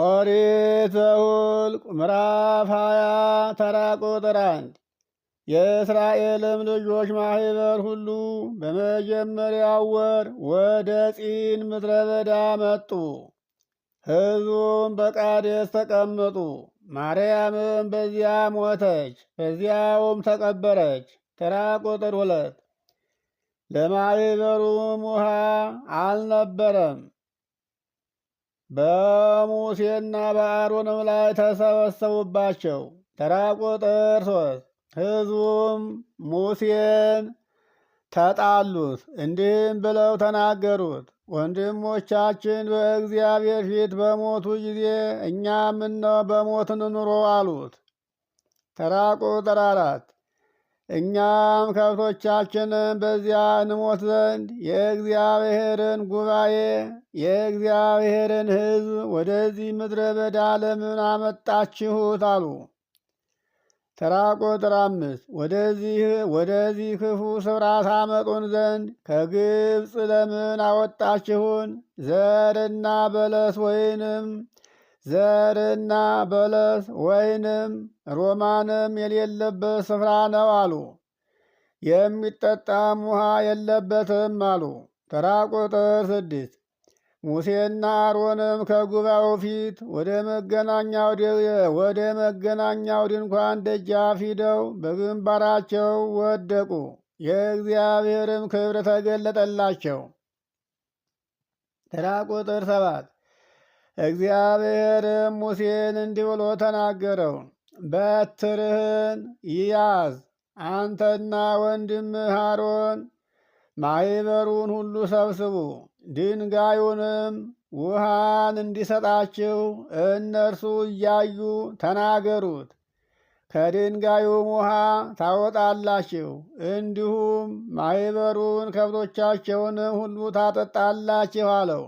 ኦሪት ዘኍልቍ ምዕራፍ ሃያ ተራ ቁጥር አንድ የእስራኤልም ልጆች ማህበር ሁሉ በመጀመሪያው ወር ወደ ጺን ምድረ በዳ መጡ። ሕዝቡም በቃዴስ ተቀመጡ። ማርያምም በዚያ ሞተች፣ በዚያውም ተቀበረች። ተራ ቁጥር ሁለት ለማህበሩም ውሃ አልነበረም። በሙሴና በአሮንም ላይ ተሰበሰቡባቸው። ተራ ቁጥር ሶስት ህዝቡም ሙሴን ተጣሉት፣ እንዲህም ብለው ተናገሩት ወንድሞቻችን በእግዚአብሔር ፊት በሞቱ ጊዜ እኛ ምነው በሞት ኑሮ አሉት። ተራ ቁጥር አራት እኛም ከብቶቻችንን በዚያ እንሞት ዘንድ የእግዚአብሔርን ጉባኤ የእግዚአብሔርን ሕዝብ ወደዚህ ምድረ በዳ ለምን አመጣችሁት? አሉ። ተራ ቁጥር አምስት ወደዚህ ወደዚህ ክፉ ስፍራ ታመጡን ዘንድ ከግብፅ ለምን አወጣችሁን? ዘርና በለስ ወይንም ዘርና በለስ ወይንም ሮማንም የሌለበት ስፍራ ነው አሉ። የሚጠጣም ውሃ የለበትም አሉ። ተራ ቁጥር ስድስት ሙሴና አሮንም ከጉባኤው ፊት ወደ መገናኛው ወደ መገናኛው ድንኳን ደጃፍ ሂደው በግንባራቸው ወደቁ። የእግዚአብሔርም ክብር ተገለጠላቸው። ተራ ቁጥር ሰባት እግዚአብሔርም ሙሴን እንዲህ ብሎ ተናገረው፣ በትርህን ይያዝ አንተና ወንድምህ አሮን ማኅበሩን ሁሉ ሰብስቡ፣ ድንጋዩንም ውሃን እንዲሰጣችሁ እነርሱ እያዩ ተናገሩት። ከድንጋዩም ውሃ ታወጣላችሁ፣ እንዲሁም ማኅበሩን ከብቶቻቸውንም ሁሉ ታጠጣላችሁ አለው።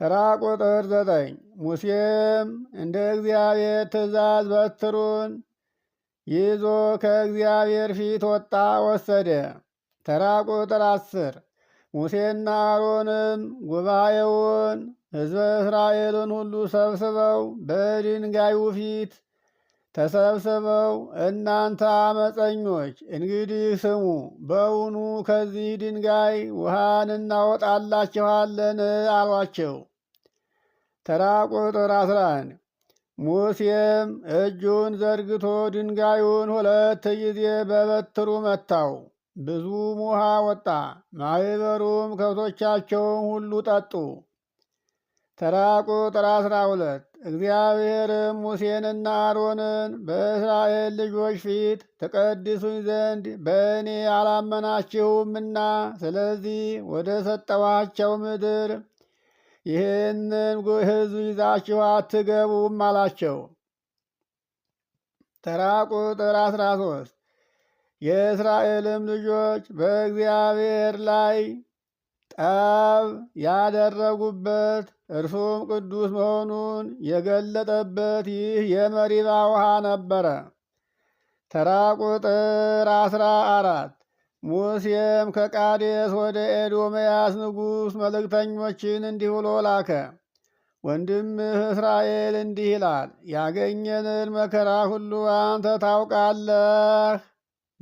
ተራ ቁጥር ዘጠኝ ሙሴም እንደ እግዚአብሔር ትእዛዝ በትሩን ይዞ ከእግዚአብሔር ፊት ወጣ ወሰደ። ተራ ቁጥር አስር ሙሴና አሮንም ጉባኤውን ሕዝበ እስራኤልን ሁሉ ሰብስበው በድንጋዩ ፊት ተሰብስበው እናንተ አመፀኞች እንግዲህ ስሙ፣ በውኑ ከዚህ ድንጋይ ውሃን እናወጣላችኋለን አሏቸው። ተራ ቁጥር 11 ሙሴም እጁን ዘርግቶ ድንጋዩን ሁለት ጊዜ በበትሩ መታው፣ ብዙም ውሃ ወጣ። ማኅበሩም ከብቶቻቸውን ሁሉ ጠጡ። ተራ ቁጥር አስራ ሁለት እግዚአብሔርም ሙሴንና አሮንን በእስራኤል ልጆች ፊት ተቀድሱኝ ዘንድ በእኔ አላመናችሁምና ስለዚህ ወደ ሰጠኋቸው ምድር ይህንን ሕዝብ ይዛችሁ አትገቡም አላቸው። ተራ ቁጥር አስራ ሶስት የእስራኤልም ልጆች በእግዚአብሔር ላይ ጠብ ያደረጉበት እርሱም ቅዱስ መሆኑን የገለጠበት ይህ የመሪባ ውሃ ነበረ። ተራ ቁጥር አስራ አራት ሙሴም ከቃዴስ ወደ ኤዶምያስ ንጉሥ መልእክተኞችን እንዲህ ብሎ ላከ። ወንድምህ እስራኤል እንዲህ ይላል፣ ያገኘንን መከራ ሁሉ አንተ ታውቃለህ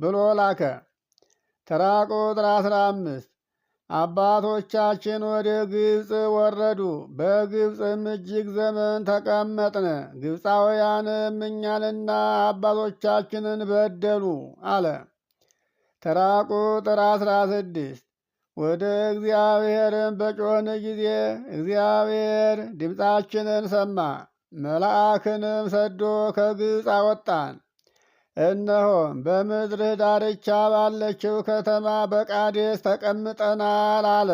ብሎ ላከ። ተራ ቁጥር አስራ አምስት አባቶቻችን ወደ ግብፅ ወረዱ። በግብፅም እጅግ ዘመን ተቀመጥነ። ግብፃውያንም እኛንና አባቶቻችንን በደሉ አለ። ተራ ቁጥር አስራ ስድስት ወደ እግዚአብሔርን በጮን ጊዜ እግዚአብሔር ድምፃችንን ሰማ፣ መልአክንም ሰዶ ከግብፅ አወጣን። እነሆ በምድርህ ዳርቻ ባለችው ከተማ በቃዴስ ተቀምጠናል አለ።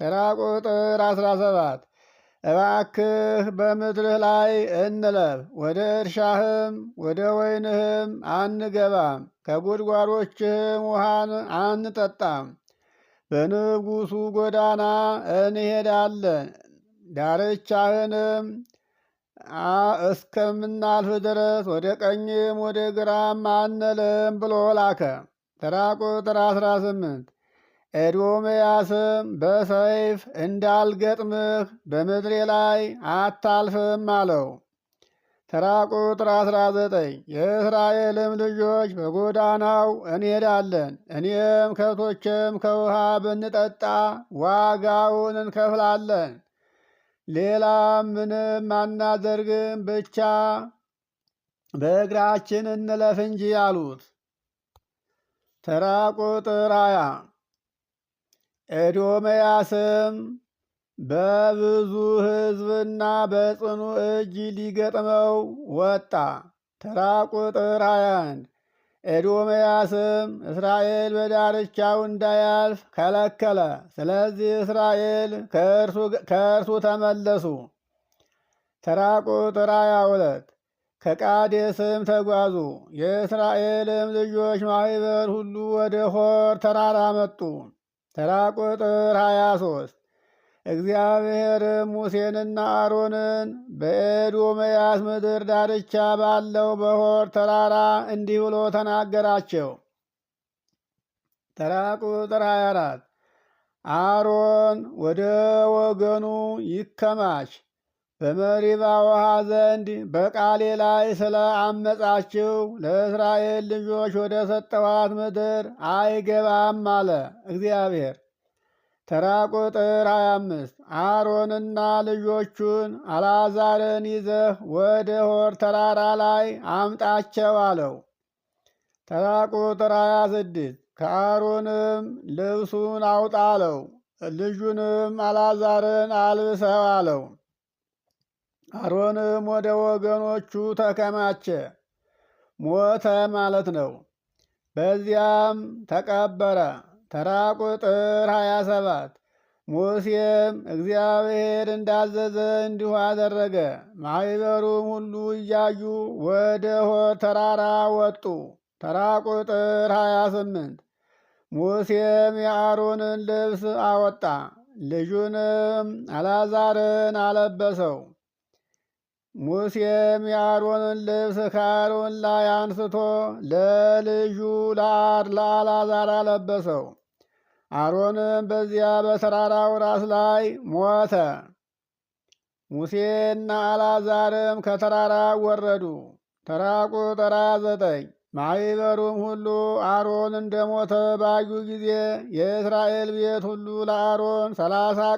ተራ ቁጥር 17 እባክህ በምድርህ ላይ እንለፍ፣ ወደ እርሻህም ወደ ወይንህም አንገባም፣ ከጉድጓሮችህም ውሃን አንጠጣም። በንጉሡ ጎዳና እንሄዳለን ዳርቻህንም እስከምናልፍ ድረስ ወደ ቀኝም ወደ ግራም አንልም ብሎ ላከ። ተራ ቁጥር 18 ኤዶምያስም በሰይፍ እንዳልገጥምህ በምድሬ ላይ አታልፍም አለው። ተራ ቁጥር 19 የእስራኤልም ልጆች በጎዳናው እንሄዳለን፣ እኔም ከብቶችም ከውሃ ብንጠጣ ዋጋውን እንከፍላለን ሌላ ምንም አናደርግም፣ ብቻ በእግራችን እንለፍ እንጂ አሉት። ተራ ቁጥር ሃያ ኤዶምያስም በብዙ ሕዝብና በጽኑ እጅ ሊገጥመው ወጣ። ተራ ቁጥር 21 ኤዶምያስም እስራኤል በዳርቻው እንዳያልፍ ከለከለ። ስለዚህ እስራኤል ከእርሱ ተመለሱ። ተራ ቁጥር ሃያ ሁለት ከቃዴስም ተጓዙ። የእስራኤልም ልጆች ማህበር ሁሉ ወደ ሆር ተራራ መጡ። ተራ ቁጥር ሃያ ሶስት እግዚአብሔር ሙሴንና አሮንን በኤዶምያስ ምድር ዳርቻ ባለው በሆር ተራራ እንዲህ ብሎ ተናገራቸው። ተራ ቁጥር 24 አሮን ወደ ወገኑ ይከማች በመሪባ ውሃ ዘንድ በቃሌ ላይ ስለ አመጻችሁ ለእስራኤል ልጆች ወደ ሰጠኋት ምድር አይገባም አለ እግዚአብሔር። ተራ ቁጥር 25 አሮንና ልጆቹን አላዛርን ይዘህ ወደ ሆር ተራራ ላይ አምጣቸው አለው። ተራ ቁጥር 26 ከአሮንም ልብሱን አውጣ አለው። ልጁንም አላዛርን አልብሰው አለው። አሮንም ወደ ወገኖቹ ተከማቸ፣ ሞተ ማለት ነው። በዚያም ተቀበረ። ተራ ቁጥር 27 ሙሴም እግዚአብሔር እንዳዘዘ እንዲሁ አደረገ። ማኅበሩም ሁሉ እያዩ ወደ ሆር ተራራ ወጡ። ተራ ቁጥር 28 ሙሴም የአሮንን ልብስ አወጣ፣ ልጁንም አላዛርን አለበሰው። ሙሴም የአሮንን ልብስ ከአሮን ላይ አንስቶ ለልጁ ለአር ለአላዛር አለበሰው። አሮንም በዚያ በተራራው ራስ ላይ ሞተ። ሙሴና አልዓዛርም ከተራራ ወረዱ። ተራ ቁጥር ዘጠኝ ማኅበሩም ሁሉ አሮን እንደሞተ ባዩ ጊዜ የእስራኤል ቤት ሁሉ ለአሮን ሰላሳ